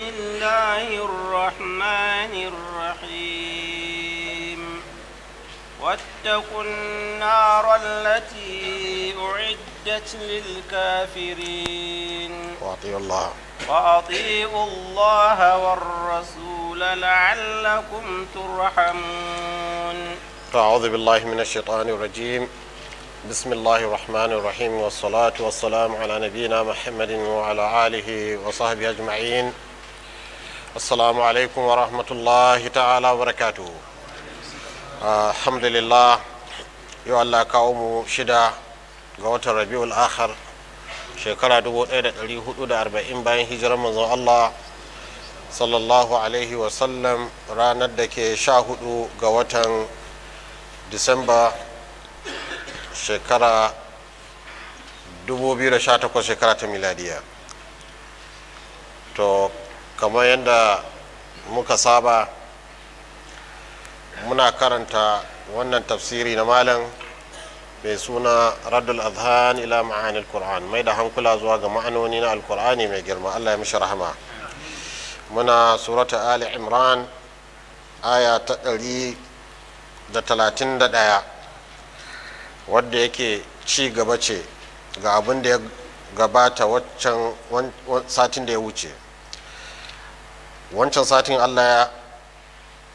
بسم الله الرحمن الرحيم واتقوا النار التي أعدت للكافرين وأطيعوا الله وأطيعوا الله والرسول لعلكم ترحمون أعوذ بالله من الشيطان الرجيم بسم الله الرحمن الرحيم والصلاة والسلام على نبينا محمد وعلى آله وصحبه أجمعين assalamu alaikum wa rahmatullahi ta'ala wa barakatuhu ah, alhamdulillah yau allah kawo mu shida ga watan rabi'ul akhar shekara 1440 bayan hijirar manzon allah sallallahu alaihi wasallam ranar da ke sha hudu ga watan disamba shekara 2018 shekara ta miladiya kamar yadda muka saba muna karanta wannan tafsiri na malam mai suna radul adhan ila ma'anil qur'an mai da hankula zuwa ga ma'anoni na alkur'ani mai girma allah ya mishi rahama muna surata ali imran aya ta ɗari da talatin da ɗaya wadda yake ci gaba ce ga abin da ya gabata waccan satin da ya wuce wancan satin allah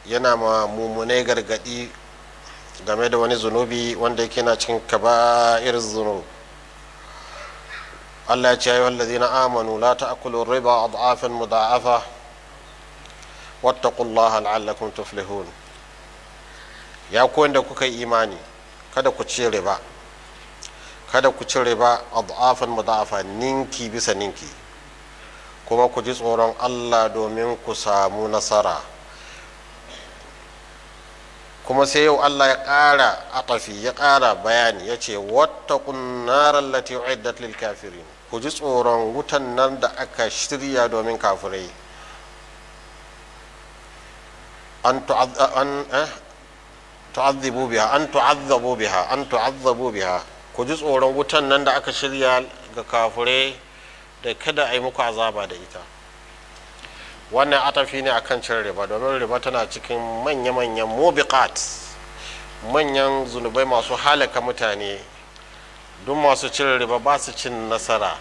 ya yana ma mummunai gargadi game da wani zunubi wanda yake na cikin kaba'ir zunub allah ya ce wallazi na amanu la ta'kulu riba ad'afan mudha'afa wattaqullaha la'allakum tuflihun ya ku da kuka yi imani kada ku ci riba kada ku ci riba mu ninki bisa ninki kuma ku ji tsoron allah domin ku samu nasara kuma sai yau allah ya ƙara atafi ya ƙara bayani ya ce wata kunnarar lati uiddat lil kafirin ku ji tsoron wutan nan da aka shirya domin kafirai an eh, tu'azzabu biha an tu'azzabu biha biha ku ji tsoron wutan nan da aka shirya ga kafirai da kada a yi muku azaba da ita wannan atafi ne a kan cin riba domin riba tana cikin manya-manyan mubiqat manyan zunubai masu halaka mutane duk masu cin riba ba su cin nasara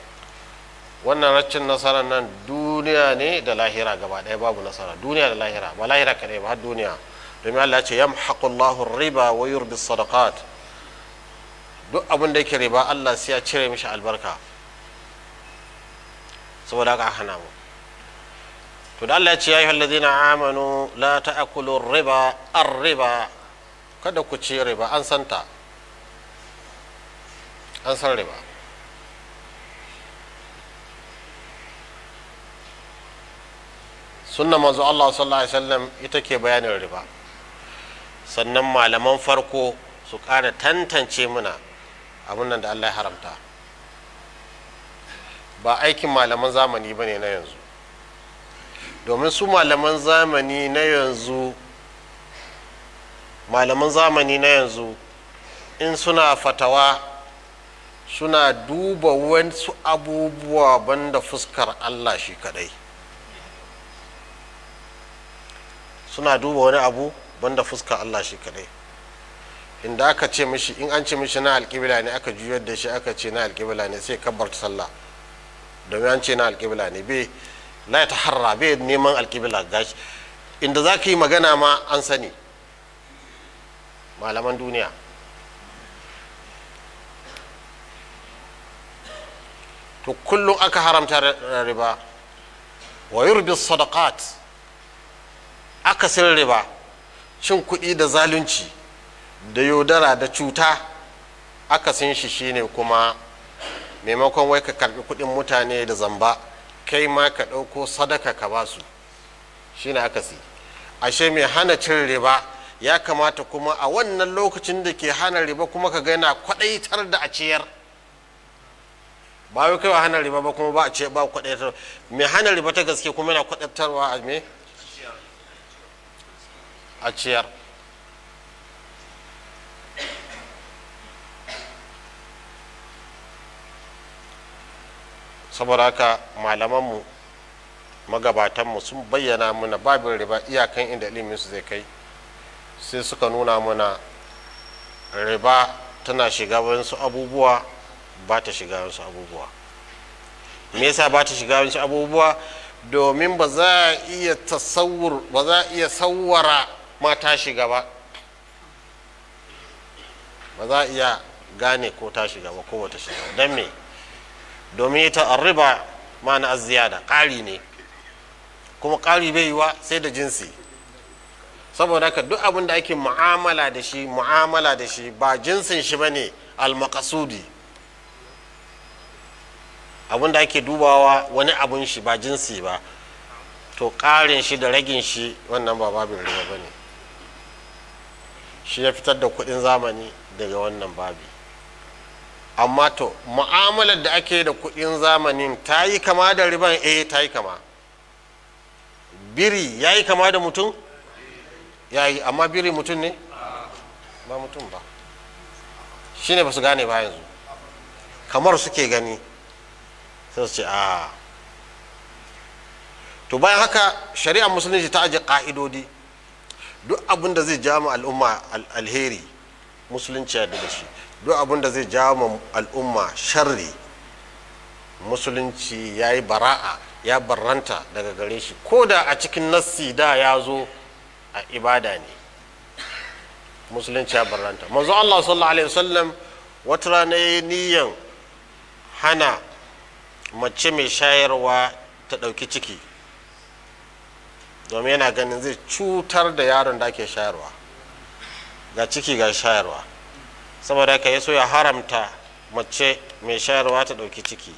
wannan cin nasara nan duniya ne da lahira gaba ɗaya babu nasara duniya da lahira ba lahira kaɗai ba har duniya domin Allah ce yamhaqullahu riba wa yurbi sadaqat duk abin da yake riba Allah sai ya cire mishi albarka saboda haka hana mu to da Allah ya ce ya ayyuhal ladina amanu la ta'kulu riba ar-riba kada ku ci riba an santa an san riba sunna manzo Allah sallallahu alaihi wasallam ita ke bayanin riba sannan malaman farko su ƙara tantance muna abin nan da Allah ya haramta ba aikin malaman zamani ba ne na yanzu domin su malaman zamani na yanzu malaman zamani na yanzu in suna fatawa suna duba wasu abubuwa banda fuskar allah shi kadai suna duba wani abu banda fuskar allah shi kadai inda aka ce mishi in an ce mishi na alƙibla ne aka juyar da shi aka ce na alƙibla ne sai kabbar sallah domin an ce na alkibila ne bai la ta harra bai neman alkibila gashi inda za ka yi magana ma an sani malaman duniya to kullum aka haramta riba wa yurbi sadaqat aka sirri riba cin kuɗi da zalunci da yaudara da cuta aka sin shi shine kuma maimakon wai ka karbi kudin mutane da zamba kai ma ka dauko sadaka ka ba su shi ne akasi ashe mai hana cin riba ya kamata kuma a wannan lokacin da ke hana riba kuma ka gaina kwaɗaitar da a ciyar ba wai kai hana riba ba kuma ba a ciyar ba kwaɗaitar mai hana riba ta gaske kuma yana kwaɗaitarwa a me a ciyar saboda haka malamanmu magabatanmu sun bayyana mana babin riba iyakan inda iliminsu zai kai sai suka nuna mana riba tana shiga wasu abubuwa ba ta shiga wasu abubuwa me yasa ba ta shiga wasu abubuwa domin ba za a iya tasawur ba za a iya sawwara ma ta shiga ba ba za a iya gane ko ta shiga ba ko wata shiga don me domin ita arriba ma'ana aziyada ƙari ne kuma ƙari bai yiwa sai da jinsi saboda haka duk abin da ake mu'amala da shi mu'amala da shi ba jinsin shi ba ne almakasudi abin da ake dubawa wani abin shi ba jinsi ba to ƙarin shi da ragin shi wannan ba babin riba ba ne shi ya fitar da kuɗin zamani daga wannan babi amma to mu'amalar da ake da kuɗin zamanin ta yi kama da riban eh ta yi kama biri ya yi kama da mutum ya yi amma biri mutum ne ba mutum ba shi ne ba su gane ba yanzu kamar suke gani sai su ce a ah. to bayan haka shari'ar musulunci ta ajiye ƙa'idodi duk abin da zai ja al'umma alheri musulunci ya da shi duk abin da zai jawo al'umma sharri musulunci ya yi bara'a ya barranta daga gare shi ko da a cikin nassi da ya zo a ibada ne musulunci ya barranta manzo Allah sallallahu alaihi wasallam wata rana ya niyan hana mace mai shayarwa ta ɗauki ciki domin yana ganin zai cutar da yaron da ake shayarwa ga ciki ga shayarwa saboda haka ya so ya haramta mace mai shayarwa ta ɗauki ciki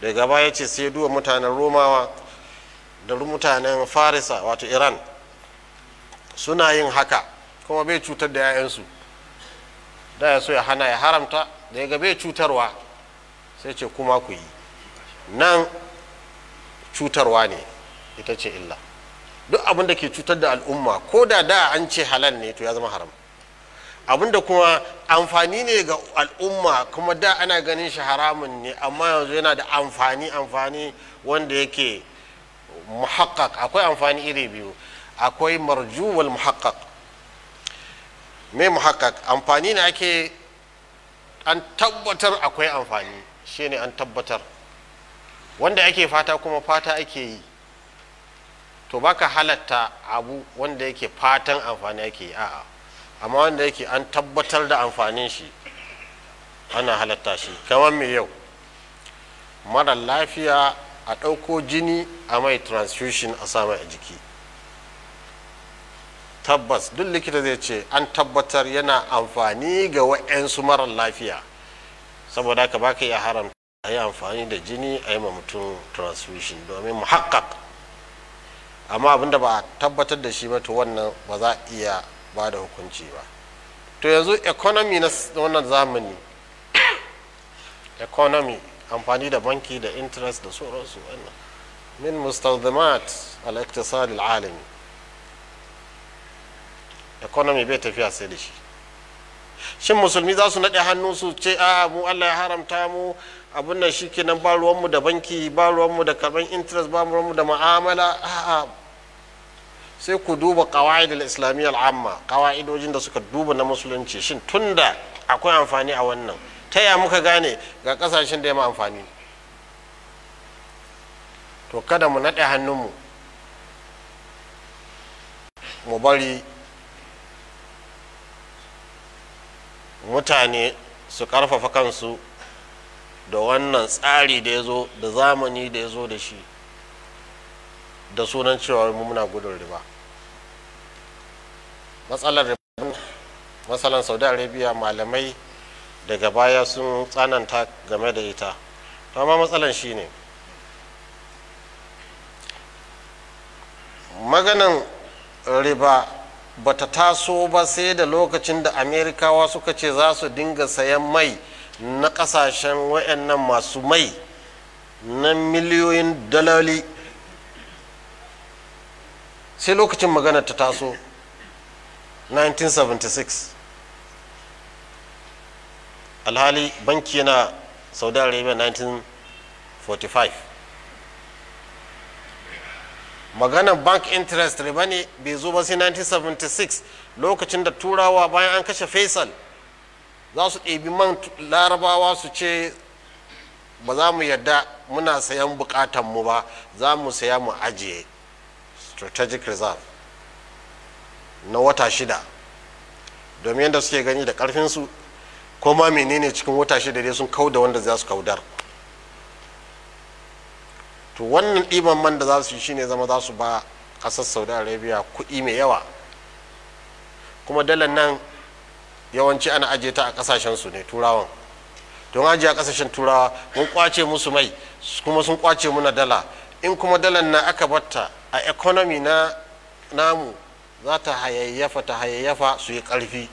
daga baya ya ce sai duwa mutanen romawa da mutanen farisa wato iran suna yin haka kuma bai cutar da 'ya'yansu da ya so ya hana ya haramta da ya ga bai cutarwa sai ce kuma ku yi nan cutarwa ne ita ce illa duk abin da ke cutar da al'umma ko da da an ce halal ne to ya zama haram abinda kuma amfani ne ga al'umma kuma da ana ganin shi haramun ne amma yanzu yana da amfani amfani wanda yake muhakkak akwai amfani iri biyu akwai marjuwal muhakkak me muhakkak amfani ne ake an tabbatar akwai amfani shi ne an tabbatar wanda ake fata kuma fata ake yi to baka halatta abu wanda yake fatan amfani ake yi a'a amma wanda yake an tabbatar da amfanin shi ana halatta shi kamar mai yau mara lafiya a ɗauko jini a mai transfusion a samu a jiki tabbas duk likita zai ce an tabbatar yana amfani ga wa'yansu mara lafiya saboda haka baka ya haramta a yi amfani da jini a yi ma mutum transfusion domin muhakkak amma abinda ba a tabbatar da shi ba to wannan ba za a iya ba da hukunci ba to yanzu economy na wannan zamani economy amfani da banki da interest da sauransu wannan min mustawdimat al-iqtisad al-alami economy bai tafiya sai da shi shin musulmi za su naɗe hannu su ce a mu Allah ya haramta mu abin nan kenan ba ruwanmu da banki ba ruwanmu da karban interest ba ruwanmu da ma'amala a'a sai ku duba qawaid islamiyyar amma kawaidojin da suka duba na musulunci shin tunda akwai amfani a wannan ta ya muka gane ga kasashen da ya amfani to kada mu naɗe hannunmu mu bari mutane su karfafa kansu da wannan tsari da ya zo da zamani da ya zo da shi da sunan cewa mu muna gudun riba matsalar riba matsalan saudi arabia malamai daga baya sun tsananta game da ita amma matsalan shine maganan riba bata taso ba sai da lokacin da amerikawa suka ce za su dinga sayan mai na kasashen wayannan masu mai na miliyoyin dalali. sai lokacin magana ta taso 1976 alhali banki yana saudi arabia 1945 maganar bank interest riba ne bai zo ba sai 1976 lokacin da turawa bayan an kashe faisal za su ɗebi man larabawa su ce ba za mu yadda muna sayan bukatanmu ba za mu saya mu ajiye strategic reserve na wata shida domin yadda suke gani da karfinsu ko ma menene cikin wata shida dai sun kau da wanda za su kaudar to wannan ɗiban man da za su yi shine zama za su ba ƙasar saudi arabia kuɗi mai yawa kuma dalar nan yawanci ana ajiye ta a kasashen su ne turawan don ajiye a ƙasashen turawa mun kwace musu mai kuma sun kwace muna dala in kuma dalar nan aka batta a economy na namu za ta hayayyafa ta hayayyafa su yi ƙarfi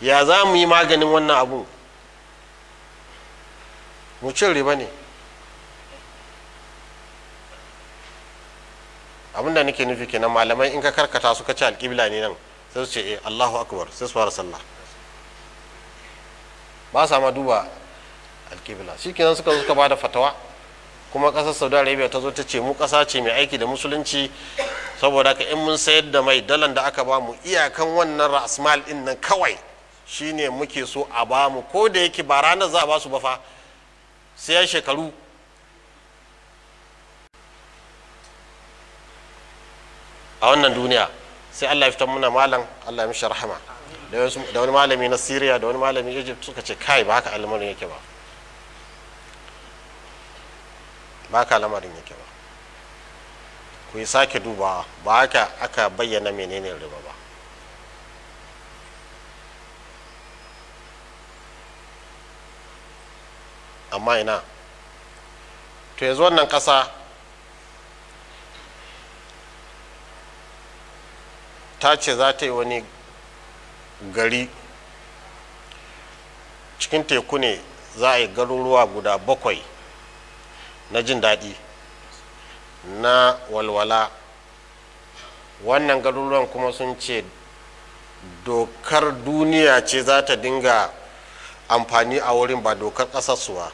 ya za mu yi maganin wannan abu mu cin riba ne abinda nake nufi kenan malamai in ka karkata suka ci alƙibla ne nan sai su ce eh allahu akbar sai su fara sallah ba sa ma duba alƙibla shi kenan suka zuka suka ba da fatawa kuma ƙasar saudi arabia ta zo ta ce mu kasa ce mai aiki da musulunci saboda ka in mun sayar da mai dalan da aka bamu iyakan wannan rasmal din nan kawai shine muke so a bamu ko da yake ba ranar za a basu ba fa sai ya shekaru a wannan duniya sai allah ya fitar muna malam allah ya mishi rahama da wani malami na syria da wani malami egypt suka ce kai ba haka al'amarin yake ba ba ka lamarin yake ba ku yi sake duba ba haka aka bayyana menene riba ba amma ina to yanzu wannan ƙasa ta ce za ta yi wani gari cikin teku ne za a yi garuruwa guda bakwai na jin daɗi na walwala wannan garuruwan kuma sun ce dokar duniya ce za ta dinga amfani a wurin ba dokar ƙasasuwa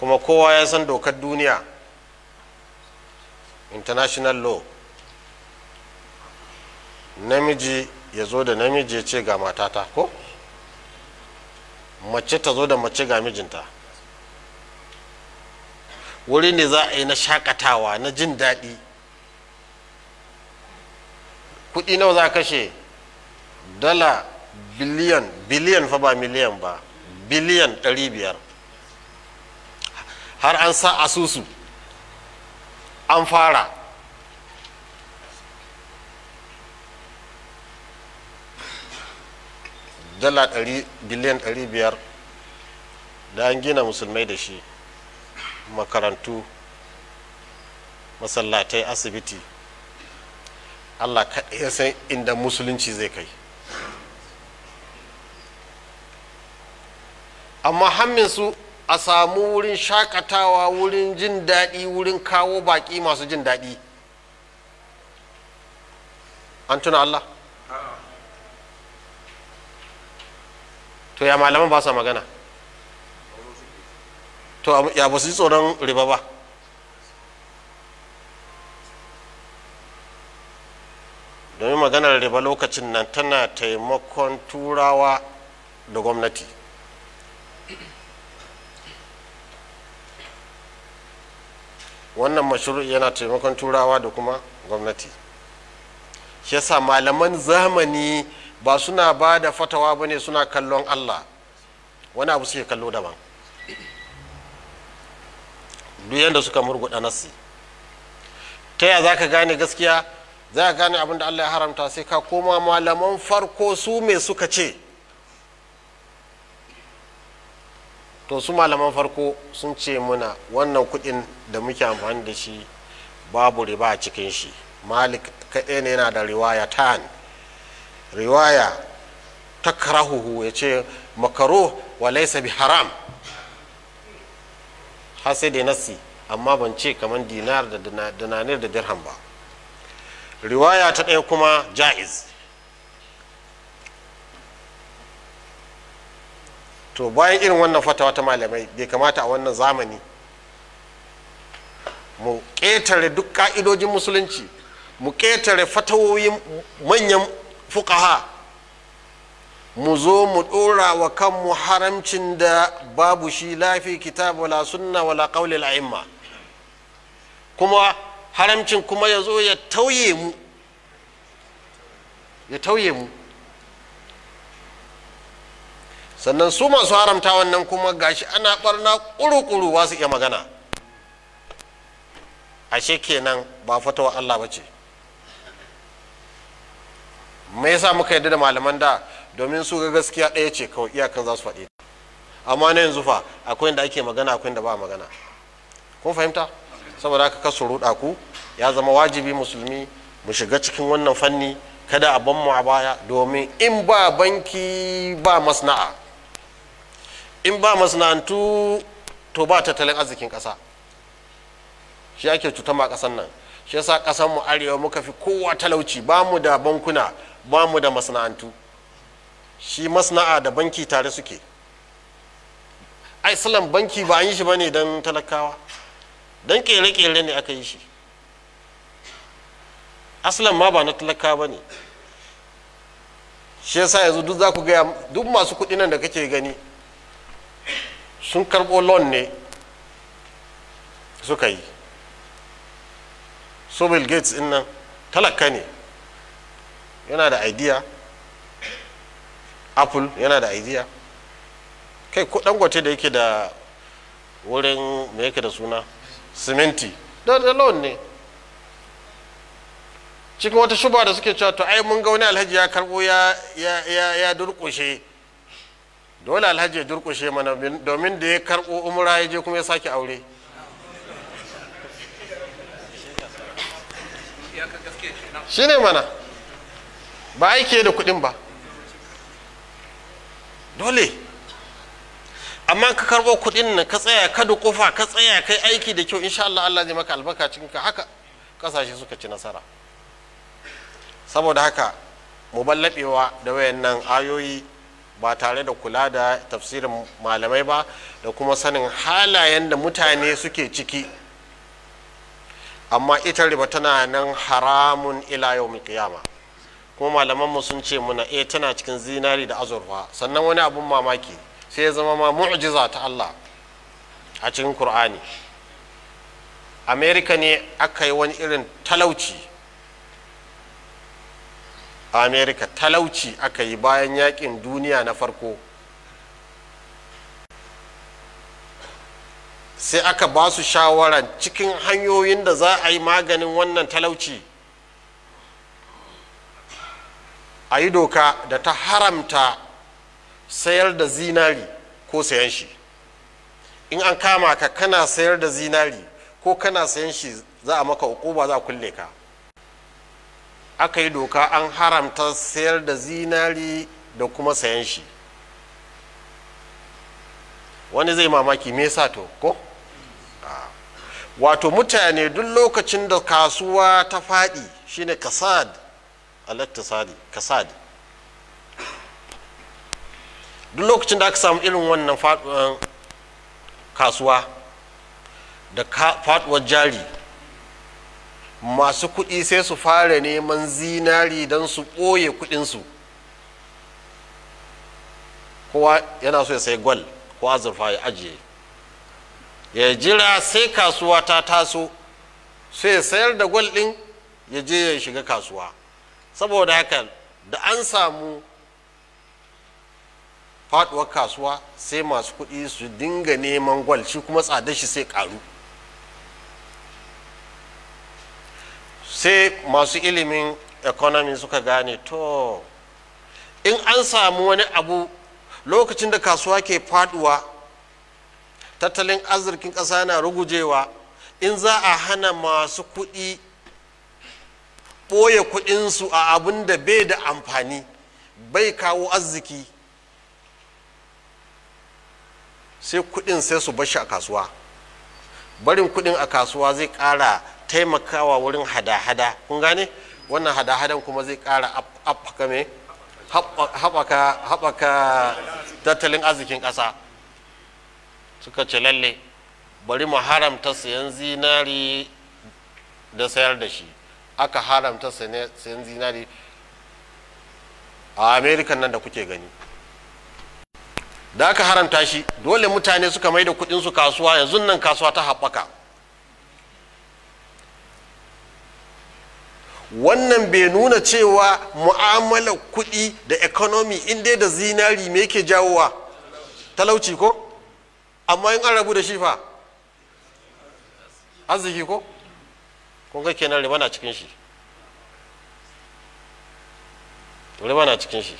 kuma kowa ya san dokar duniya international law namiji ya zo da namiji ya ce ga matata ko mace ta zo da mace ga mijinta wuri ne za a yi na shakatawa na jin daɗi kuɗi nawa za kashe dala biliyan biliyan fa ba miliyan ba biliyan ɗari biyar har an sa asusu an fara dala biliyan ɗari biyar da an gina musulmai da shi makarantu masallatai asibiti allah kaɗai ya san inda musulunci zai kai amma hammin su a samu wurin shakatawa wurin jin daɗi wurin kawo baƙi masu jin daɗi an tuna allah to ya malaman ba sa magana to ya ba su ji tsoron riba ba domin maganar riba lokacin nan tana taimakon turawa da gwamnati wannan mashuru yana taimakon turawa da kuma gwamnati shi yasa malaman zamani ba suna ba da fatawa ba ne suna kallon allah wani abu suke kallo daban duk yadda suka murguɗa nasi ta yaya za ka gane gaskiya za ka gane abin da allah ya haramta sai ka koma malaman farko su me suka ce to su malaman farko sun ce muna wannan kuɗin da muke amfani da shi babu riba a cikin shi malik kaɗai ne yana da riwaya ta riwaya ta karahuhu ya ce makaro wa laisa bi haram har sai da nasi amma ban ce kamar dinar da dinanir da dirham ba riwaya ta ɗaya kuma ja'iz to bayan irin wannan fatawa ta malamai bai kamata a wannan zamani mu ƙetare duk ƙa'idojin musulunci mu ƙetare fatawoyin manyan fukaha mu zo mu ɗora wa kanmu haramcin da babu shi lafi kitab wala sunna wala ƙaulil a'imma kuma haramcin kuma ya zo ya tauye mu ya tauye mu sannan su masu haramta wannan kuma gashi ana barna ƙuru-ƙuru ba su iya magana ashe kenan ba fatawa Allah ba ce me yasa muka yadda da malaman da domin su ga gaskiya ɗaya ce kawai iyakan za su faɗi amma na yanzu fa akwai da ake magana akwai da ba magana kun fahimta saboda haka kasu ruɗa ku ya zama wajibi musulmi mu shiga cikin wannan fanni kada a ban mu a baya domin in ba banki ba masana'a in ba masana'antu to ba tattalin arzikin ƙasa shi ake cutar ma ƙasan nan shi yasa ƙasan mu arewa muka fi kowa talauci ba mu da bankuna ba mu da masana'antu shi masana'a da banki tare suke islam banki ba an yi shi ba ne don talakawa don kere-kere ne aka yi shi aslan ma ba na talaka ba ne shi yasa yanzu duk za ku gaya duk masu kuɗi nan da kake gani sun karɓo loan ne suka yi so bill gates in nan talaka ne yana da idea apple yana da idea kai ko dangote da yake da wurin me yake da suna siminti da da loan ne cikin wata shuba da suke cewa to ai mun ga wani alhaji ya karbo ya ya ya, durkushe dole alhaji ya durkushe mana domin da ya karbo umra ya je kuma ya sake aure shine mana ba aike da kudin ba dole amma ka karɓo kuɗin nan ka tsaya ka da kofa ka tsaya kai aiki da kyau insha Allah Allah zai maka albarka cikin ka haka kasashe suka ci nasara saboda haka mu ballabewa da wayannan ayoyi ba tare da kula da tafsirin malamai ba da kuma sanin halayen da mutane suke ciki amma ita riba tana nan haramun ila yau mai kiyama kuma malamanmu sun ce muna e tana cikin zinari da azurfa sannan wani abun mamaki sai ya zama ma mu'jiza ta Allah a cikin Kur'ani Amerika ne aka wani irin talauci a talauci aka yi bayan yakin duniya na farko sai aka ba su shawaran cikin hanyoyin da za a yi maganin wannan talauci a yi doka da ta haramta sayar da zinari ko sayan shi in an kama ka kana sayar da zinari ko kana sayan shi za a maka ba za a kulle ka aka yi doka an haramta sayar da zinari da kuma sayan shi wani zai mamaki me yasa to ko ah. wato mutane duk lokacin da kasuwa ta faɗi shine kasad alattasadi kasadi duk lokacin da aka samu irin wannan faduwar kasuwa da faduwar jari masu kuɗi sai su fara neman zinari don su ɓoye kuɗinsu kowa yana so ya sai gwal ko azurfa ya ajiye ya jira sai kasuwa ta taso sai sayar da gwal ɗin ya je ya shiga kasuwa saboda haka da an samu faduwar kasuwa sai masu kuɗi su dinga neman gwal shi kuma tsada shi sai ƙaru sai masu ilimin economy suka gane to in an samu wani abu lokacin da kasuwa ke faduwa tattalin arzikin ƙasa na rugujewa in za a hana masu kuɗi ɓoye kuɗinsu a abin da bai da amfani bai kawo arziki sai kuɗin sai su bashi a kasuwa barin kuɗin a kasuwa zai ƙara taimakawa wurin hada-hada kun gane wannan hada-hadan kuma zai ƙara haɓaka tattalin arzikin ƙasa suka ce lalle bari mu haramta sayan zinari da sayar da shi aka haramta sayan zinari a amerika nan da kuke gani da aka haramta shi dole mutane suka mai da kudinsu kasuwa yanzu nan kasuwa ta haɓaka wannan bai nuna cewa mu'amalar kuɗi da economy inda da zinari me yake jawowa talauci ko amma in an rabu da shi arziki ko kun ga kenan riba na cikin shi riba na cikin shi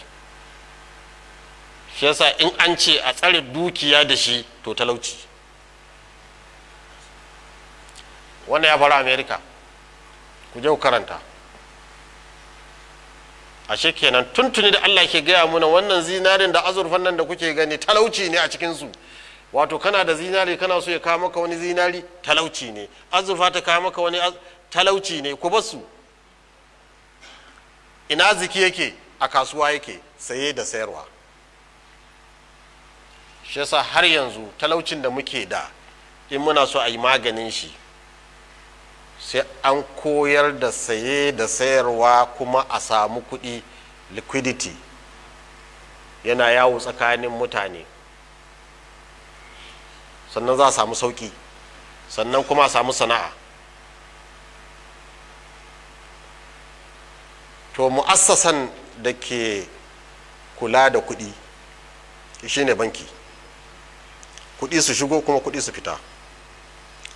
shi yasa in an ce a tsare dukiya da shi to talauci wannan ya faru Amerika ku je ku karanta ashe kenan tuntuni da allah ke gaya muna wannan zinarin da azurfan nan da kuke gani talauci ne a cikinsu wato kana da zinari kana so ya kawo maka wani zinari talauci ne azurfa ta kawo maka wani talauci ne ku basu ina ziki yake a kasuwa yake saye da sayarwa shi yasa har yanzu talaucin da muke da in muna so a yi maganin shi sai an koyar da saye da sayarwa kuma a samu kuɗi liquidity yana yawo tsakanin mutane sannan za a samu sauƙi sannan kuma a samu sana'a to mu'assasan da ke kula da kuɗi shine banki kuɗi su shigo kuma kuɗi su fita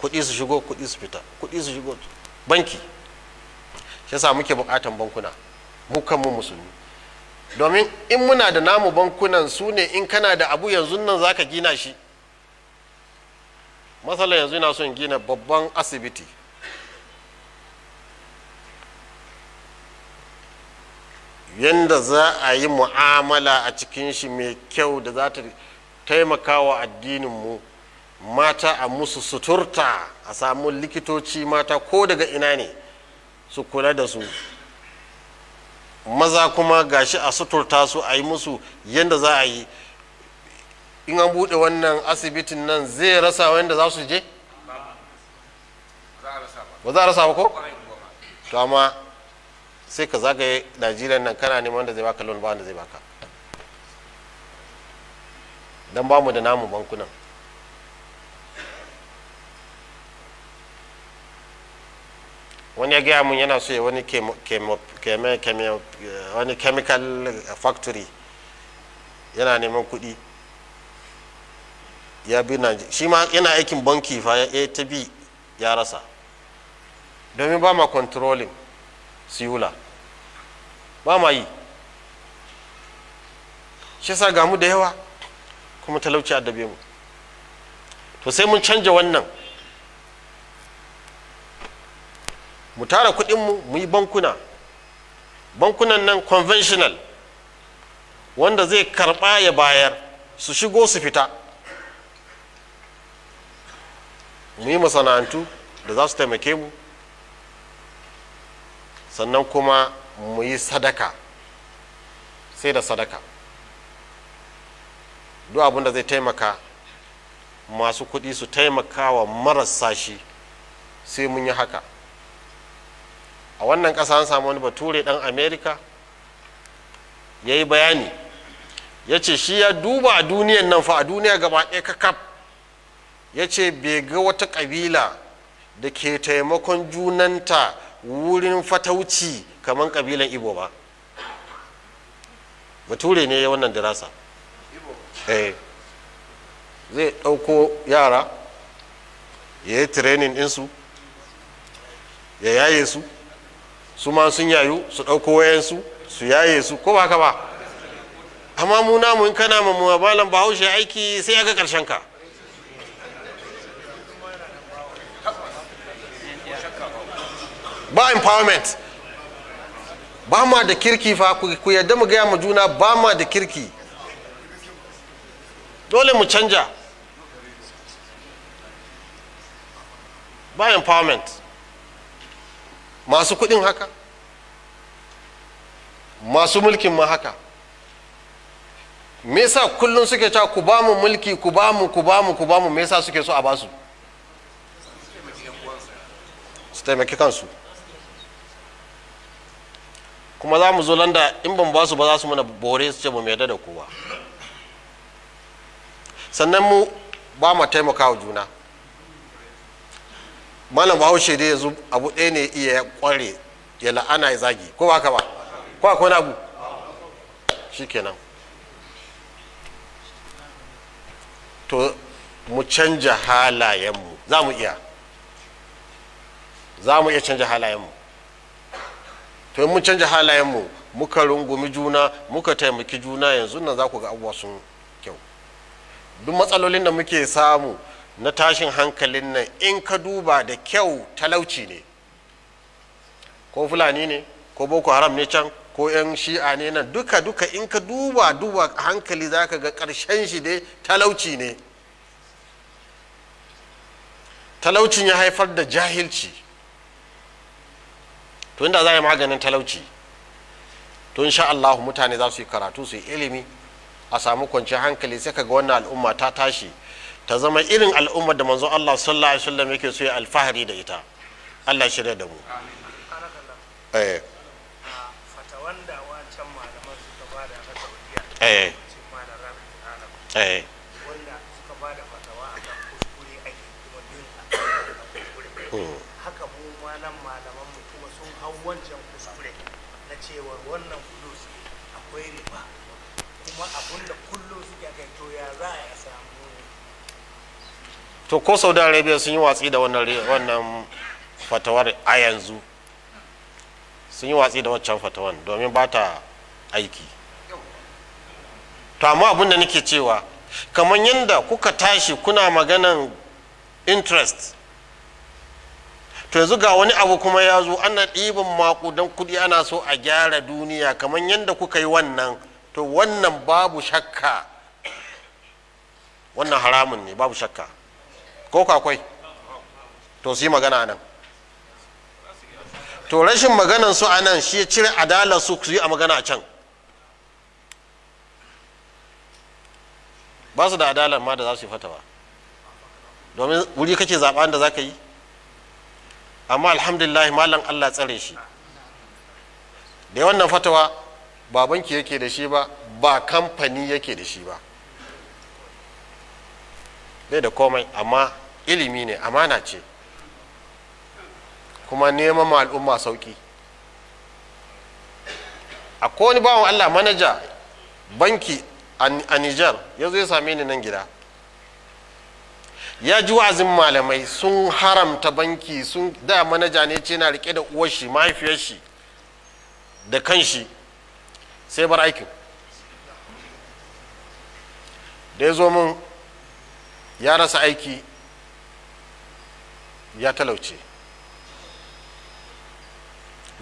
kuɗi su shigo kuɗi su fita kuɗi su shigo banki shi yasa muke bukatan bankuna mu kanmu musulmi domin in muna da namu bankunan su ne in kana da abu yanzu nan zaka gina shi matsala yanzu ina son gina babban asibiti yadda za a yi mu'amala a cikin shi mai kyau da za ta taimaka wa addininmu mata a musu suturta a samun likitoci mata ko daga ina ne su kula da su maza kuma gashi a suturta su a yi musu yadda za a yi in an buɗe wannan asibitin nan zai rasa wanda za su je ba za a rasa ba ko? to amma sai ka zagaye najeriya nan kana neman wanda zai baka loan ba wanda zai baka don ba mu da namu bankunan wani ya gaya mun yana so ya wani eh, wani chemical factory yana neman kuɗi ya bi na shi ma yana aikin banki fa ya ta bi ya rasa domin ba ma controlling siyula ba ma yi shi sa gamu da yawa kuma talauci dabe mu to sai mun canja wannan mu tara kudinmu mu yi bankuna bankunan nan conventional wanda zai karba ya bayar su shigo su fita mu yi masana'antu da za su taimake mu sannan kuma mu yi sadaka sai da sadaka duk abin da zai taimaka masu kuɗi su taimaka wa marasa shi sai mun yi haka a wannan ƙasa an samu wani bature ɗan amerika ya yi bayani ya ce shi ya duba a duniyan nan fa a duniya gaba ɗaya kakaf ya ce bai ga wata ƙabila da ke taimakon junanta wurin fatauci kamar kabilan ibo ba bature ne ya wannan dirasa eh zai ɗauko yara ya yi training ɗinsu ya yaye su su ma sun yayu su ɗauko wayansu su yaye su ko ba ka ba amma mu namu in kana mu malam bahaushe aiki sai ya ga ƙarshen ka ba empowerment ba ma da kirki fa ku yadda mu gaya mu juna ba ma da kirki dole mu canja ba empowerment masu kudin haka masu mulkin ma haka me yasa kullum suke cewa ku ba mu mulki ku ba mu ku ba mu ku ba mu me yasa suke so a basu su taimaki kansu kuma za mu zo landa in ban ba su ba za su mana bore su ce ba mu yarda da kowa sannan mu ba mu taimaka wa juna malam bahaushe dai yanzu abu ɗaya ne iya kware ya la'ana ya zagi ko ba ka ba ko akwai abu kenan to mu canja halayenmu za mu iya za mu iya canja halayenmu to mun canja mu muka rungumi juna muka taimaki juna yanzu nan za ku ga abubuwa sun kyau duk matsalolin da muke samu na tashin hankalin nan in ka duba da kyau talauci ne ko fulani ne ko boko haram ne can ko 'yan shi'a ne nan duka duka in ka duba duba hankali za ka ga karshen shi dai talauci ne talaucin ya haifar da jahilci to inda za a yi maganin talauci to insha Allah mutane za su yi karatu su yi ilimi a samu kwanciyar hankali sai ga wannan al'umma ta tashi ta zama irin al'ummar da manzo Allah sallallahu alaihi wasallam yake so ya alfahari da ita Allah shirya da mu eh fatawan da wancan malaman ta bada ga Saudiya eh eh to ko saudi arabia sun yi watsi da wannan fatawar a yanzu sun yi watsi da waccan fatawar domin ba ta aiki to amma abinda nake cewa kamar yadda kuka tashi kuna maganan interest to yanzu ga wani abu kuma ya zo ana ɗiban makudan kuɗi ana so a gyara duniya kamar yadda kuka yi wannan to wannan babu shakka wannan haramun ne babu shakka ko kwakwai to su yi magana nan to rashin maganan su a nan shi cire adalar su su yi a magana a can ba su da adalar ma da za su yi fatawa domin wuri kake zaɓa da za ka yi amma alhamdulillah malam allah tsare shi da wannan fatawa babanki yake da shi ba ba kamfani yake da shi ba bai da komai amma ilimi ne amana ce kuma neman ma al'umma sauki a wani bawan allah manaja banki a niger ya zo ya same ni nan gida ya ji wa'azin malamai sun haramta banki sun da manaja ne ce na rike da uwar shi mahaifiyar shi da kan shi sai bar aikin da ya zo min ya rasa aiki ya talauce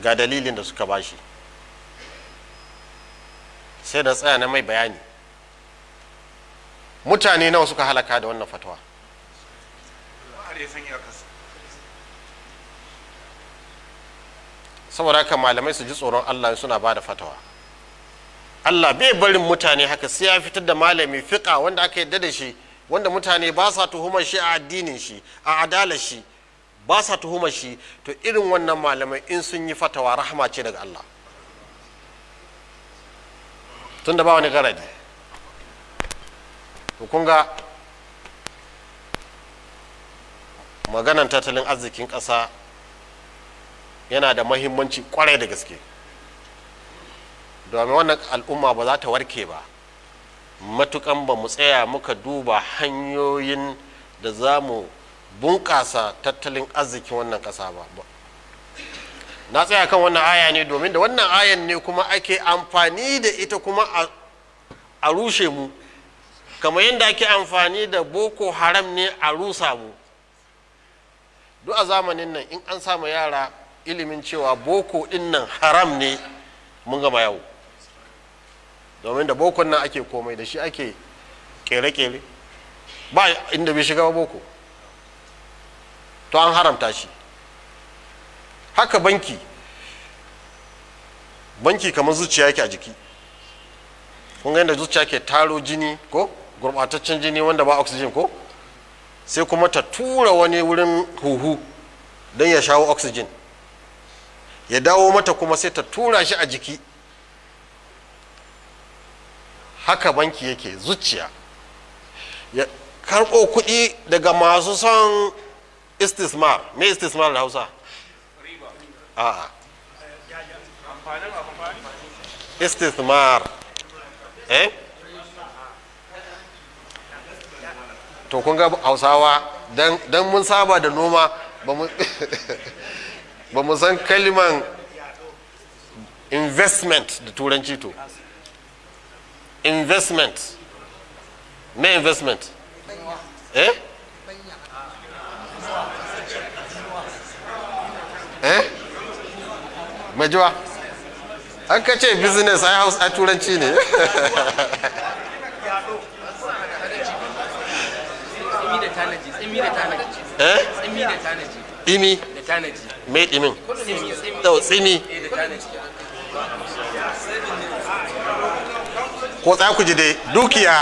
ga dalilin da suka bashi sai da tsaya na mai bayani mutane nawa suka halaka da wannan fatawa saboda haka malamai su ji tsoron allah suna ba da fatawa allah bai barin mutane haka sai ya fitar da malami fiƙa wanda aka yarda da shi wanda mutane ba sa tuhumar shi a addinin shi a adalar shi ba sa tuhumar shi to irin wannan malamai in sun yi fatawa rahama ce daga Allah tunda ba wani garadi to kun ga maganan tattalin arzikin ƙasa yana da mahimmanci kwarai da gaske domin wannan al'umma ba za ta warke ba matukan ba mu tsaya muka duba hanyoyin da za mu bunƙasa tattalin arzikin wannan ƙasa ba na tsaya kan wannan aya ne domin da wannan ayan ne kuma ake amfani da ita kuma a rushe mu kamar yadda ake amfani da boko haram ne a rusa mu duk a zamanin nan in an sama yara ilimin cewa boko din nan haram ne mun gama yau domin da bokon nan ake komai da shi ake kere-kere ba inda bai shiga boko to an haramta shi haka banki banki kamar zuciya yake a jiki kun yadda zuciya ke taro jini ko gurbataccen jini wanda ba oxygen ko sai kuma ta tura wani wurin huhu don ya shawo oxygen ya dawo mata kuma sai ta tura shi a jiki haka banki yake zuciya ya karɓo kuɗi daga masu son istismar me istismar da hausa a istismar eh to kun ga hausawa don mun saba da noma ba mu san kaliman investment da turanci to investment mais investment Eh? eh majuwa an ka ce business I house a turanci Eh? imi mai imin tsimi ko tsakuji ku dai dukiya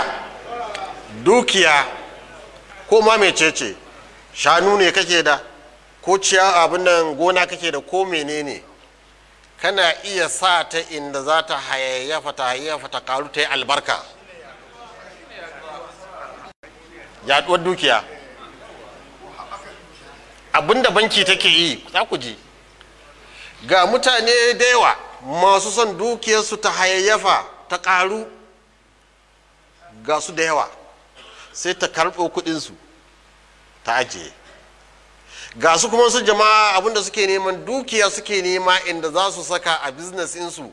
dukiya ko ma mecece shanu ne kake da ko ciya abin nan gona kake da ko menene kana iya sa ta inda za ta hayayyafa ta hayayyafa ta karu ta yi albarka yaduwar dukiya abinda banki take yi tsakuji ku ga mutane da yawa masu son dukiyarsu ta hayayyafa ta karu ga su da yawa sai ta karɓo kuɗinsu ta ajiye ga su kuma su jama'a abinda suke neman dukiya suke nema inda za su saka a business insu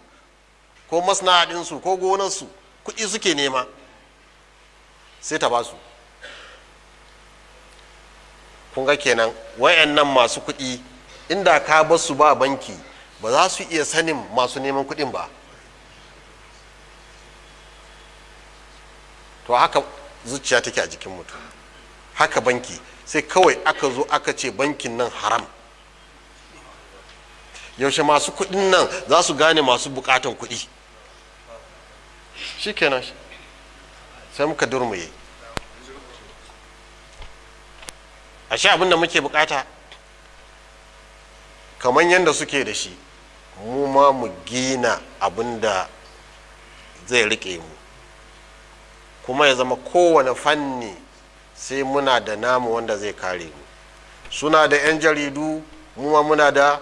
ko masna'adinsu ko gonarsu kuɗi suke nema sai ta ba su kun ga kenan wayannan masu kuɗi inda ka basu ba banki ba za su iya sanin masu neman kuɗin ba to haka zuciya take a jikin mutum haka banki sai kawai aka zo aka ce bankin nan haram yaushe masu kudin nan za su gane masu bukatan kudi shikenan sai muka durmuye a sha abin muke bukata kamar yadda suke da shi mu ma mu gina abinda zai rike mu kuma ya zama kowane fanni sai muna da namu wanda zai kare mu suna da 'yan jaridu muma muna da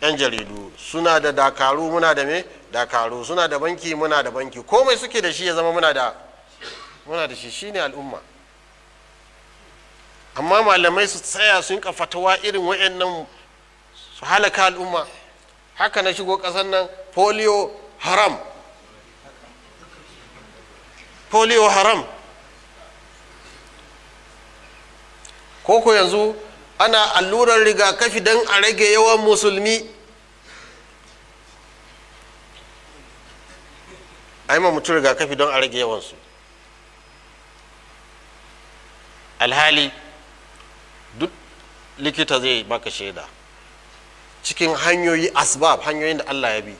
'yan jaridu suna da dakaru muna da me dakaru suna da banki muna da banki komai suke da shi ya zama muna da muna da shi shine al'umma amma malamai su tsaya sun ka fatawa irin wa'annan su halaka al'umma haka na shigo ƙasar nan polio haram polio haram koko yanzu ana allurar rigakafi don a rage yawan musulmi a yi mutum rigakafi don a rage yawansu alhali duk likita zai maka shaida cikin hanyoyi asbab hanyoyin da allah ya bi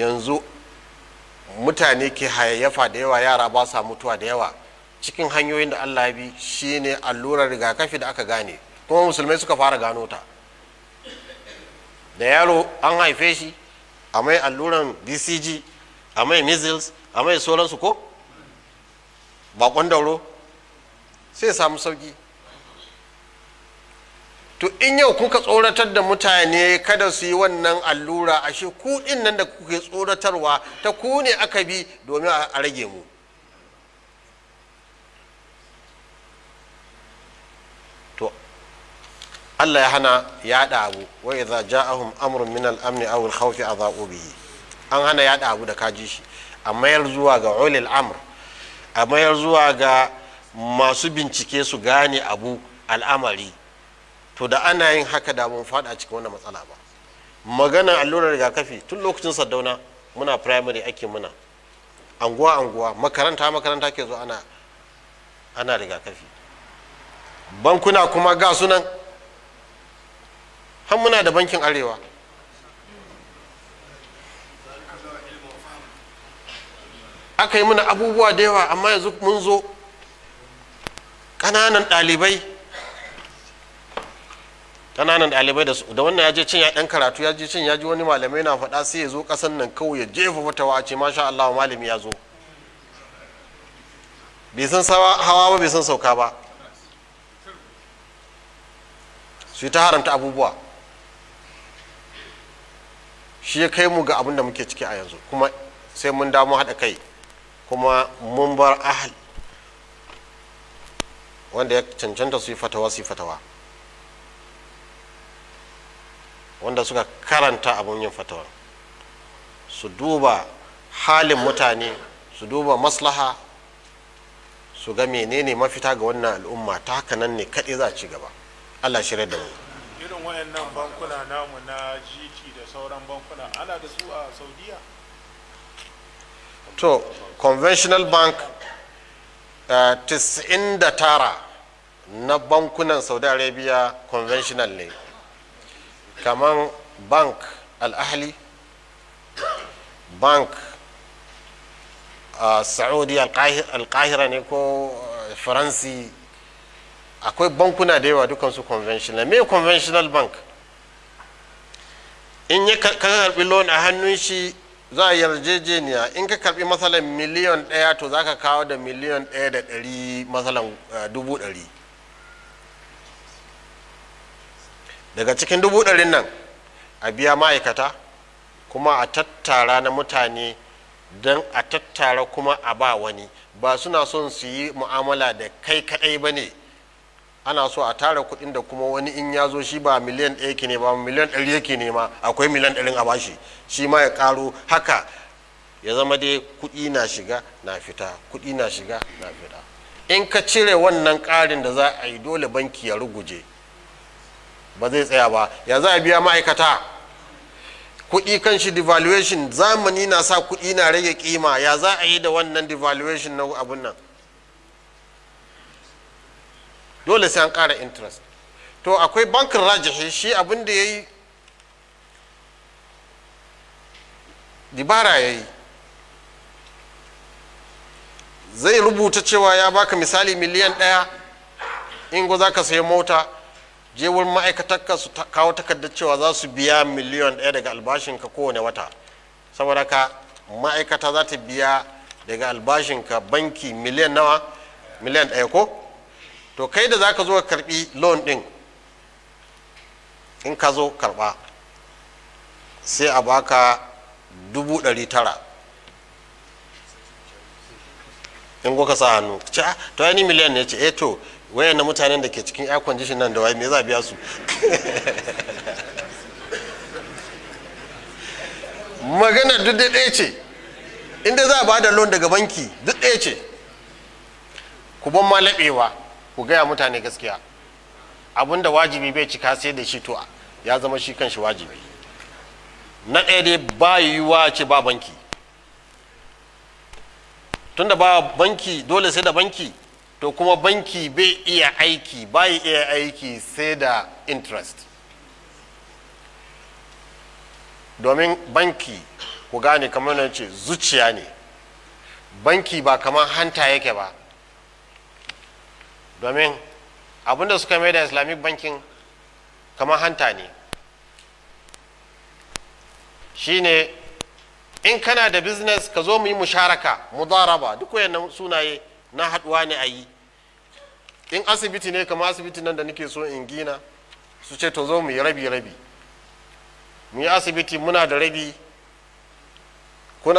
yanzu mutane ke hayayyafa da yawa yara ba sa mutuwa da yawa cikin hanyoyin da allah bi shine allurar rigakafi da aka gane kuma musulmai suka fara gano ta da yaro an haife shi a mai alluran bcg a mai measles a mai sauransu ko bakon dauro sai samu sauki to in yau kuka tsoratar da mutane kada su yi wannan allura ashe shi kudin nan da kuke tsoratarwa ta ku ne aka bi domin a rage mu to Allah ya hana yaɗa abu wa idza ja'ahum amrun min al-amn aw al-khawf adha'u bihi an hana yaɗa abu da kaji shi a mayar zuwa ga ulil amr a mayar zuwa ga masu bincike su gane abu al'amari to da ana yin haka da mun fada cikin wannan matsala ba magana allurar rigakafi tun lokacin saddauna muna primary ake muna anguwa anguwa makaranta makaranta ke zo ana ana rigakafi bankuna kuma ga sunan har muna da bankin arewa aka yi muna abubuwa da yawa amma yanzu mun zo ƙananan ɗalibai kananan ɗalibai da da wannan ya je cin ya ɗan karatu ya je cin ya ji wani malamai na faɗa sai ya zo ƙasan nan kawai ya jefa fatawa a ce masha Allah malami ya zo bai san hawa ba bai san sauka ba su ta haramta abubuwa shi ya kai mu ga abin da muke ciki a yanzu kuma sai mun damu haɗa kai kuma mun bar ahal wanda ya cancanta su yi fatawa su yi fatawa wanda suka karanta abun yin fatawa su duba halin mutane su duba maslaha su ga menene mafita ga wannan al'umma ta haka nan ne kaɗai za a ci gaba allah shirya da mu irin wayannan bankuna namu na gt da sauran bankuna ana da su a saudiya to conventional bank uh, eh, 99 na bankunan saudi arabia conventional ne kaman bank al'ahli bank a ah, saudi ne ko eh, faransi akwai bankuna da yawa dukansu conventional me conventional bank in ya karbi loan a hannun shi za a yarjejeniya in ka karbi matsalan miliyan daya to za ka kawo da miliyan daya da dari matsalan eh, dubu dari daga cikin dubu ɗarin nan a biya ma'aikata kuma a tattara na mutane don a tattara kuma a ba wani ba suna son su yi mu'amala da kai kaɗai ba ne ana so a tara kuɗin da kuma wani in ya zo shi ba miliyan ɗaya ke ne ba miliyan ɗari yake ne ma akwai miliyan ɗarin a bashi shi ma ya ƙaro haka ya zama dai kuɗi na shiga na fita kuɗi na shiga na fita in ka cire wannan ƙarin da za a yi dole banki ya ruguje ba zai tsaya ba ya za a biya ma'aikata kuɗi kan shi devaluation zamani na sa kuɗi na rage kima ya za a yi da wannan devaluation na abun nan dole sai an ƙara interest to akwai bankin rajihi shi abin da ya yi dibara ya yi zai rubuta cewa ya baka misali miliyan ɗaya in za ka sayi mota je wurin ma'aikatarka su kawo takardar cewa za su biya miliyan ɗaya daga albashinka kowane wata saboda ka ma'aikata za ta biya daga albashinka banki miliyan nawa miliyan ɗaya ko to kai da za ka zo ka karɓi loan ɗin in ka zo karɓa sai a baka dubu ɗari tara in kuka sa hannu ah, to ni miliyan ne ce eh to wayan mutanen da ke cikin air condition nan da waye me za biya su Magana duk da ɗaya ce inda za a ba da loan daga banki duk ɗaya ce ku ban ma laɓewa ku gaya mutane gaskiya abin da wajibi bai cika sai da shi to ya zama shi kanshi wajibi na ɗaya dai ba yiwuwa ce ba banki tunda ba banki dole sai da banki to kuma banki bai iya aiki bai iya aiki sai da interest domin banki ku gane kamar na ce zuciya ne banki ba kamar hanta yake ba domin abinda suka mai da islamic bankin kamar hanta ne shine in kana da business ka zo mu yi musharaka mudaraba duk wayannan sunaye na haɗuwa ne a yi in asibiti ne kamar asibiti nan da nake so in gina su ce to zo mu yi rabi rabi mu yi asibiti muna da rabi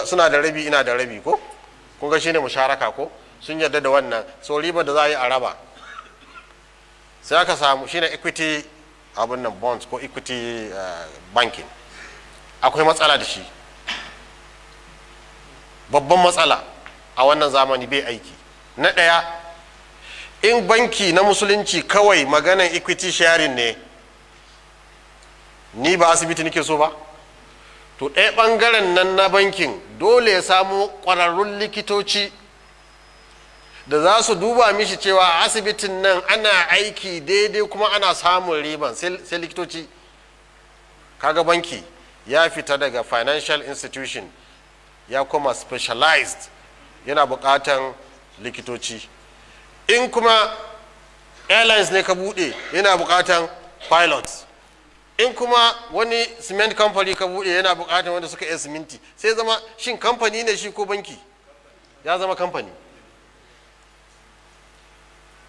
suna da rabi ina da rabi ko kun ga shine musharaka ko sun yarda da wannan so riba da za a yi a raba sai aka samu shine equity abun nan bonds ko equity eh, banking akwai matsala da shi babban matsala a wannan zamani bai aiki na ɗaya in banki na musulunci kawai maganan equity sharing ne ni ba asibiti nake so ba to ɗaya ɓangaren nan na bankin dole ya samu ƙwararrun likitoci da za su duba mishi cewa asibitin nan ana aiki daidai kuma ana samun riban sai likitoci kaga banki ya fita daga financial institution ya koma specialized yana buƙatan likitoci in kuma airlines ne ka bude yana bukatan pilots in kuma wani cement company ka bude yana bukatan wanda suka yi siminti sai zama shin kamfani ne shi ko banki ya zama kamfani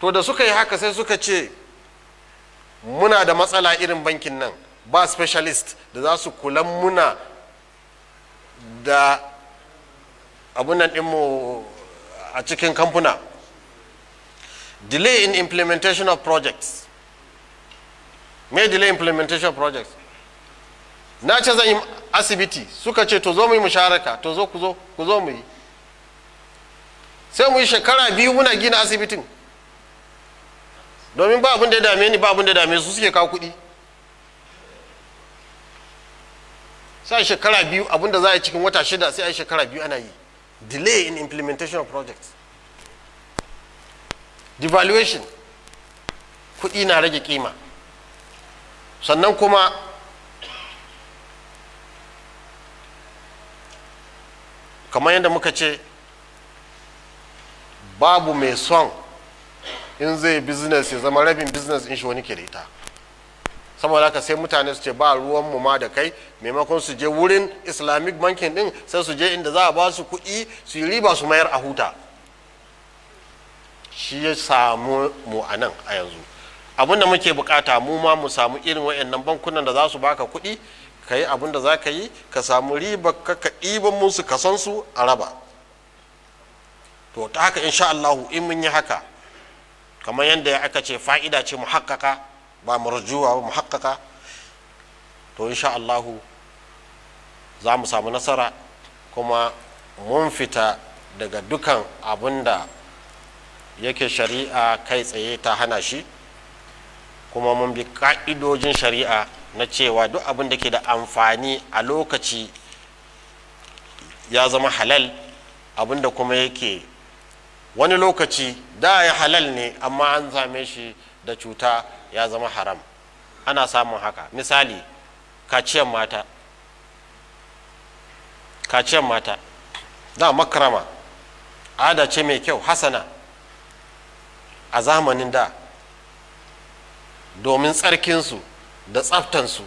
to da suka yi haka sai suka ce muna da matsala irin bankin nan ba specialist da za su kula muna da abunan nan a cikin kamfuna delay in implementation of projects me delay implementation of projects na ce zan yi asibiti suka ce to zo mu yi musharaka to zo ku zo mu yi sai mu yi shekara biyu muna gina asibitin domin ba abin da ya dame ni ba abin da ya dame su suke kawo kudi sai shekara biyu abin da za a yi cikin wata shida sai a yi shekara biyu ana yi delay in implementation of projects devaluation kuɗi na rage kima sannan kuma kamar yadda muka ce babu mai son in zai business ya zama rabin business in shi wani ke da ita saboda haka sai mutane su ce ba ruwan mu ma da kai maimakon su je wurin islamic banking din sai su je inda za a ba su kuɗi su yi riba su mayar a huta shi ya samu mu a nan a yanzu abinda muke bukata mu ma mu samu irin wayannan bankunan da za su baka kuɗi ka yi abin da za ka yi ka samu riba ka ka ɗiban musu san su a raba to ta haka insha Allah in mun yi haka kamar yadda aka ce fa'ida ce mu haƙƙaƙa ba marjuwa ba muhakkaka to insha Allahu za mu samu nasara kuma mun fita daga dukan abin da yake shari'a kai tsaye ta hana shi kuma mun bi ka'idojin shari'a na cewa duk abin da ke da amfani a lokaci ya zama halal abin da kuma yake wani lokaci da ya halal ne amma an zame shi da cuta ya zama haram ana samun haka misali kaciyar mata kaciyar mata da makrama ada ce mai kyau hasana a zamanin da domin tsarkinsu da tsaftansu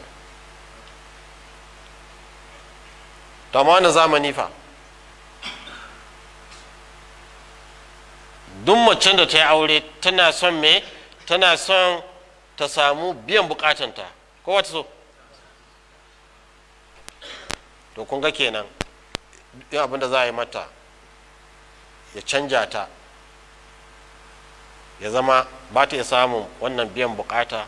ta wani zamani fa duk macen da ta yi aure tana son me tana son ta samu biyan bukatanta ko wata so to kun ga kenan yin abinda za a yi mata ya canja ta ya zama ba ta samun wannan biyan bukata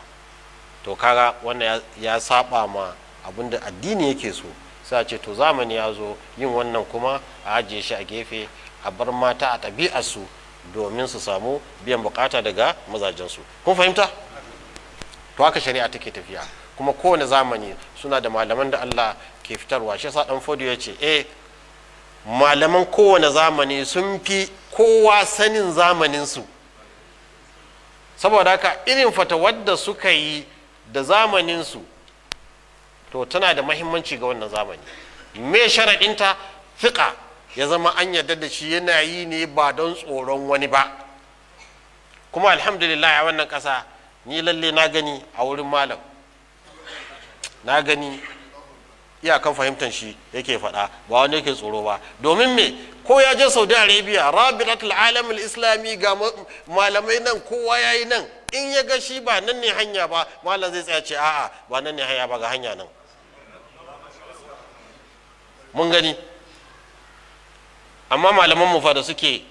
to kaga wannan ya saba ma abinda da addini yake so sai ce to zamani ya zo yin wannan kuma a ajiye shi a gefe a bar mata a ɗabi'arsu domin su samu biyan bukata daga mazajensu kun fahimta to haka shari'a take tafiya kuma kowane zamani suna da malaman da Allah ke fitarwa shi yasa dan fodo ya ce eh malaman kowane zamani sun fi kowa sanin zamanin su saboda haka irin fatawar wadda suka yi da zamanin su to tana da mahimmanci ga wannan zamani me sharaɗinta fiƙa ya zama an yarda da shi yana yi ne ba don tsoron wani ba kuma alhamdulillah a wannan ƙasa ni lalle na gani a wurin malam na gani iyakan fahimtar shi yake faɗa ba wani yake tsoro ba domin me ko ya je saudi arabia rabinat alamul islami ga malamai nan kowa ya yi nan in ya ga shi ba nan ne hanya ba malam zai tsaya ce a'a ba nan ne hanya ba ga hanya nan mun gani amma malaman mu fa da suke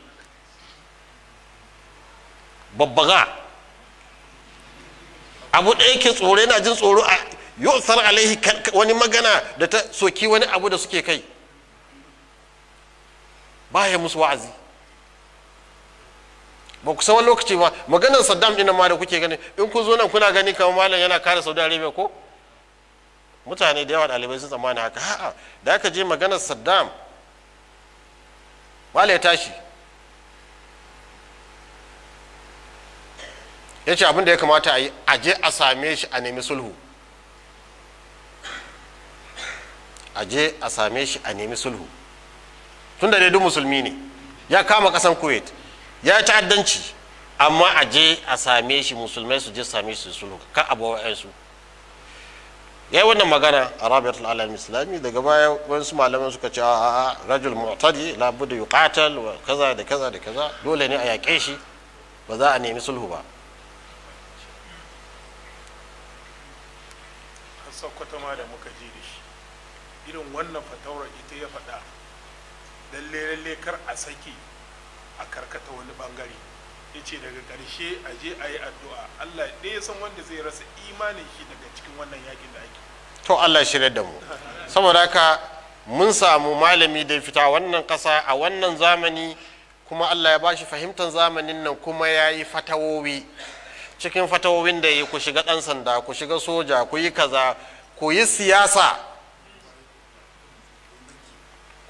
babbaga abu ɗaya yake tsoro yana jin tsoro a yusar alaihi wani magana da ta soki wani abu da suke kai ba ya musu wa'azi ba ku san lokaci ba maganar saddam ɗin ma da kuke gani in ku zo nan kuna gani kamar malam yana kare saudi arabia ko mutane da yawa ɗalibai sun tsammani haka ha'a da aka je maganar saddam malam ya tashi ya ce abin da ya kamata a yi a je a same shi a nemi sulhu a je a same shi a nemi sulhu tun da duk musulmi ne ya kama kasan kuwait ya yi ta'addanci amma a je a same shi musulmai su je same shi sulhu kan abuwa yansu ya yi wannan magana a rabiatul alam islami daga baya wasu malaman suka ce a rajul mu'tadi labudu yuqatal wa kaza da kaza da kaza dole ne a yaƙe shi ba za a nemi sulhu ba sokoto ma da muka je da shi irin wannan fatawar ita ya faɗa lalle lalle kar a saki a karkata wani bangare ya ce daga ƙarshe a je a yi addu'a allah ɗaya san wanda zai rasa imanin shi daga cikin wannan yakin da ake to allah shirya da mu saboda haka mun samu malami da fita wannan kasa a wannan zamani kuma allah ya bashi fahimtar zamanin nan kuma ya yi fatawowi cikin fatawowin da yi ku shiga ɗan sanda ku shiga soja ku yi kaza ku yi siyasa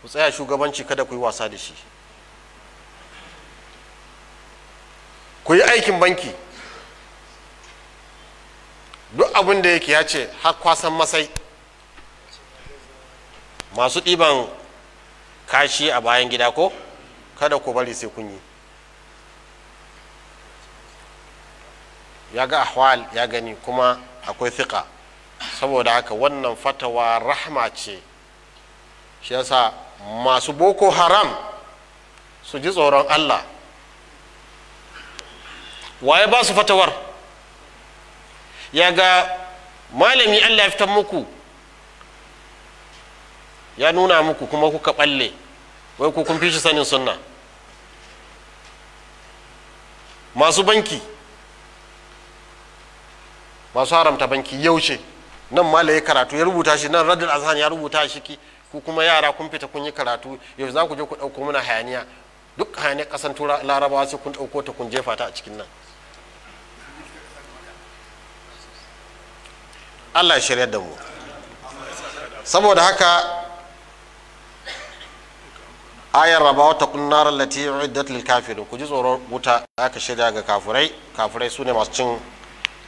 ku tsaya shugabanci kada ku yi wasa da shi ku yi aikin banki duk abin da yake ya ce har kwasan masai masu ɗiban kashi a bayan gida ko kada ku bari sai kun yi ya ga ahwal ya gani kuma akwai fiƙa saboda haka wannan fatawa rahma ce shi yasa masu boko haram su ji tsoron allah waye ba su fatawar ya ga malami allah ya fitar muku ya nuna muku kuma kuka balle wai ku kun fi shi sanin sunna masu banki masu haramta banki yaushe nan ma ya karatu ya rubuta shi nan radul azhan ya rubuta shi ki ku kuma yara kun fita kun yi karatu yau za ku je ku ɗauko mana hayaniya duk hayaniyar kasan tura larabawa sai kun ɗauko ta kun jefa ta a cikin nan allah ya shirya da mu saboda haka ayar rabawa ta kunnar lati yu'iddat lil kafirin ku ji tsoron wuta aka shirya ga kafurai kafurai sune masu cin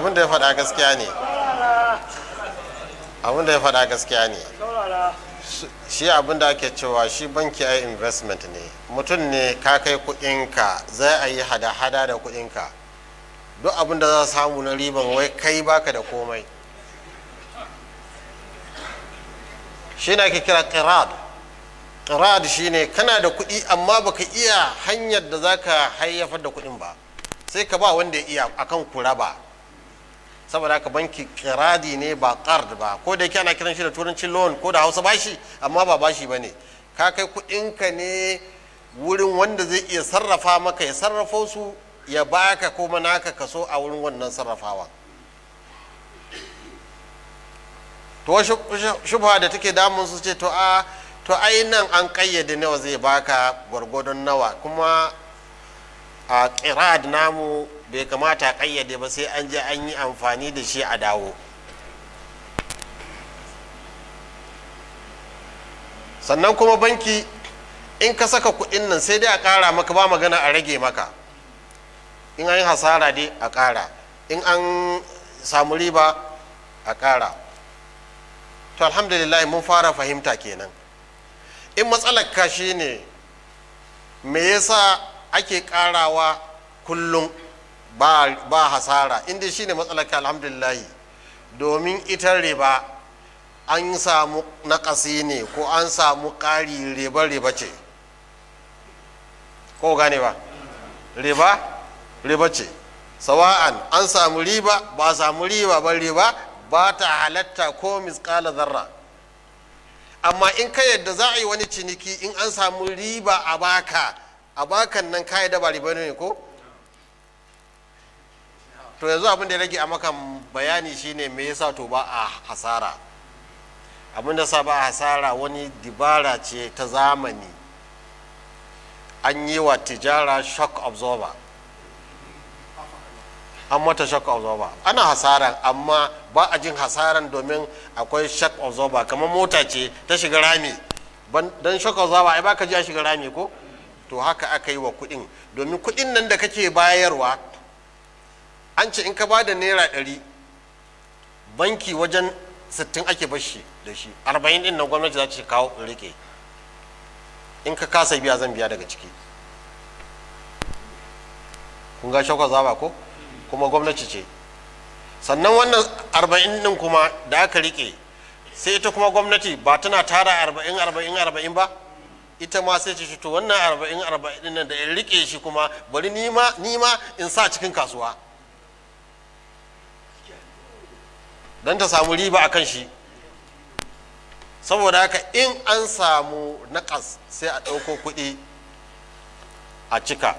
abin da ya faɗa gaskiya ne abin da ya faɗa gaskiya ne shi abin da ake cewa shi banki ai investment ne mutum ne ka kai kuɗinka zai a yi hada-hada da kuɗinka duk abin da za samu na riban wai kai baka da komai shi na ake kira qirad qirad shi ne kana da kuɗi amma baka iya hanyar da za ka hayyafar da kuɗin ba sai ka ba wanda ya iya akan ba. saboda haka banki kiradi ne ba qard ba ko da yake ana kiran shi da turancin loan ko da hausa bashi amma ba bashi ba ne ka kai kuɗinka ne wurin wanda zai iya sarrafa maka ya sarrafo su ya baka kuma naka kaso a wurin wannan sarrafawa to shubha da take damun su ce to a to ai nan an kayyade nawa zai baka gwargwadon nawa kuma a kirad namu bai kamata kayyade ba sai an je an yi amfani da shi a dawo sannan kuma banki in ka saka kuɗin nan sai dai a ƙara maka ba magana a rage maka in an yi hasara dai a ƙara in an samu riba a ƙara to alhamdulillah mun fara fahimta kenan in matsalar ka ne me yasa ake ƙarawa kullum ba hasara inda shine matsalaka alhamdulillahi domin ita riba an samu naƙasi ne ko an samu ƙari riba-riba ce ko gane ba riba riba ce sawa'an an samu riba ba samu riba ba riba ba ta halatta ko miskala zarra amma in ka yadda za a yi wani ciniki in an samu riba a baka a bakan nan ka yadda ba riba ne ko to yanzu abin da ya rage a maka bayani shine me yasa to ba a hasara abin da sa ba a hasara wani dibara ce ta zamani an yi wa tijara shock absorber an mata shock absorber ana hasaran amma ba a jin hasaran domin akwai shock absorber kamar mota ce ta shiga rami don shock absorber ai baka ji a shiga rami ko to haka aka yi wa kudin domin kudin nan da kake bayarwa an ce in ka ba da naira ɗari banki wajen sittin ake bashi da shi arba'in ɗin na gwamnati za ta kawo in rike in ka kasa biya zan biya daga ciki kun ga shakwa zaba ko kuma gwamnati ce sannan wannan arba'in ɗin kuma da aka rike sai ita kuma gwamnati ba tana tara arba'in arba'in arba'in ba ita ma sai ce to wannan arba'in arba'in nan da in rike shi kuma bari nima nima in sa cikin kasuwa don ta samu riba a kan shi saboda haka in an samu naƙas sai a ɗauko kuɗi a cika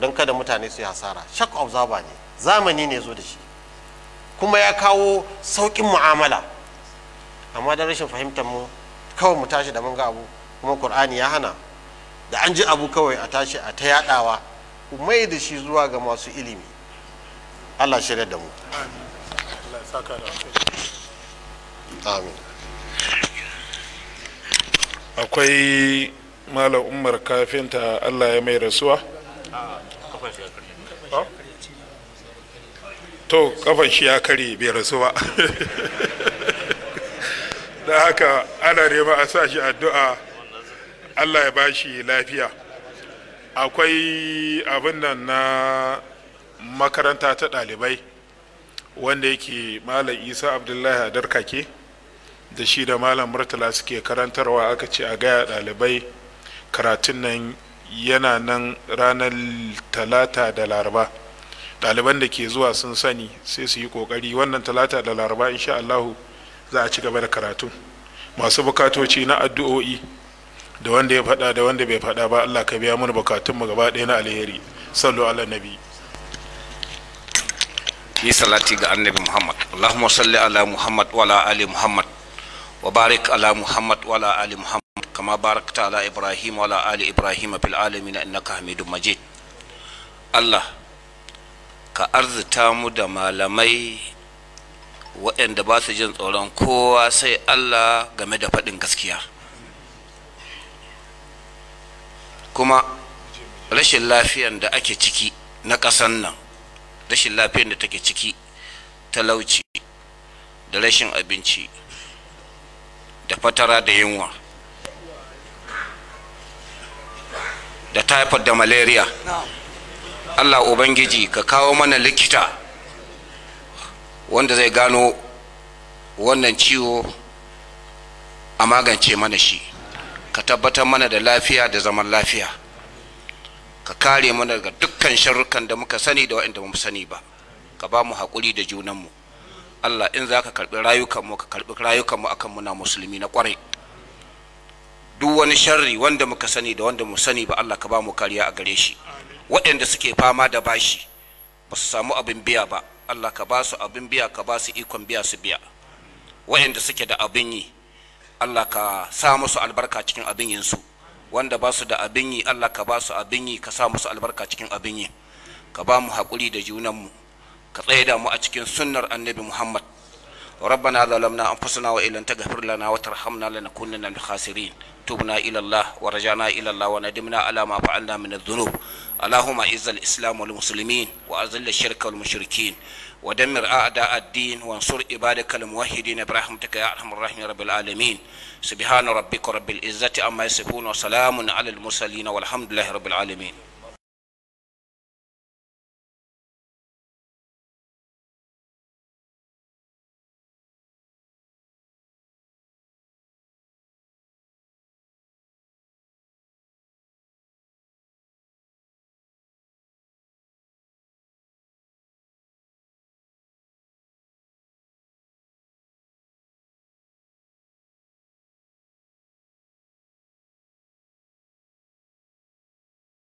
don kada mutane su yi hasara shak observer ne zamani ne zo da shi kuma ya kawo sauƙin mu'amala amma don rashin fahimtar mu kawai mu tashi da mun ga abu kuma ƙur'ani ya hana da an ji abu kawai a tashi a ta yaɗawa mai da shi zuwa ga masu ilimi allah shirya da mu akwai malam umar kafinta allah ya mai rasuwa to kafan shi ya kare bai rasu da haka ana nema a sa shi addu'a allah ya bashi lafiya akwai abin nan na makaranta ta ɗalibai wanda yake malam isa abdullahi a darkake da shi da malam murtala suke karantarwa aka ce a gaya dalibai karatun nan yana nan ranar talata da laraba ɗaliban da ke zuwa sun sani sai su yi ƙoƙari wannan talata da laraba insha allahu za a ci gaba da karatu masu bukatoci na addu'o'i da wanda ya faɗa da wanda bai faɗa ba allah ka biya mana bukatunmu gaba ɗaya na alheri sallu ala nabi yi salati ga annabi muhammad allahumma salli ala muhammad wa ala ali muhammad wa barik ala muhammad wa ala ali muhammad kama barakta ala ibrahim wa ala ali ibrahim fil alamin innaka hamidum majid allah ka arzuta mu da malamai waɗanda ba su jin tsoron kowa sai allah game da faɗin gaskiya kuma rashin lafiyan da ake ciki na ƙasan nan rashin lafiyar da take ciki talauci da rashin abinci da fatara da yunwa da typhoid da malaria allah ubangiji ka kawo mana likita wanda zai gano wannan ciwo a magance mana shi ka tabbatar mana da lafiya da zaman lafiya ka kare mana daga dukkan sharrukan da muka sani da waɗanda ba mu sani ba ka ba mu haƙuri da junanmu Allah in za ka karɓi rayukanmu ka karɓi rayukanmu akan muna musulmi na ƙwarai duk wani sharri wanda muka sani da wanda mu sani ba Allah ka ba mu kariya a gare shi waɗanda suke fama da bashi ba su samu abin biya ba Allah ka ba su abin biya ka ba su ikon biya su biya waɗanda suke da abin yi Allah ka sa musu albarka cikin abin yinsu wanda ba su da abin yi Allah ka ba su abin yi ka sa musu albarka cikin abin yi ka ba mu haƙuri da junanmu ka tsaye da mu a cikin sunnar annabi Muhammad ربنا ظلمنا أنفسنا وإن لم تغفر لنا وترحمنا لنكونن من الخاسرين تبنا إلى الله ورجعنا إلى الله وندمنا على ما فعلنا من الذنوب اللهم أعز الإسلام والمسلمين وأذل الشرك والمشركين ودمر أعداء الدين وانصر عبادك الموحدين برحمتك يا أرحم الراحمين رب العالمين سبحان ربك رب العزة عما يصفون وسلام على المرسلين والحمد لله رب العالمين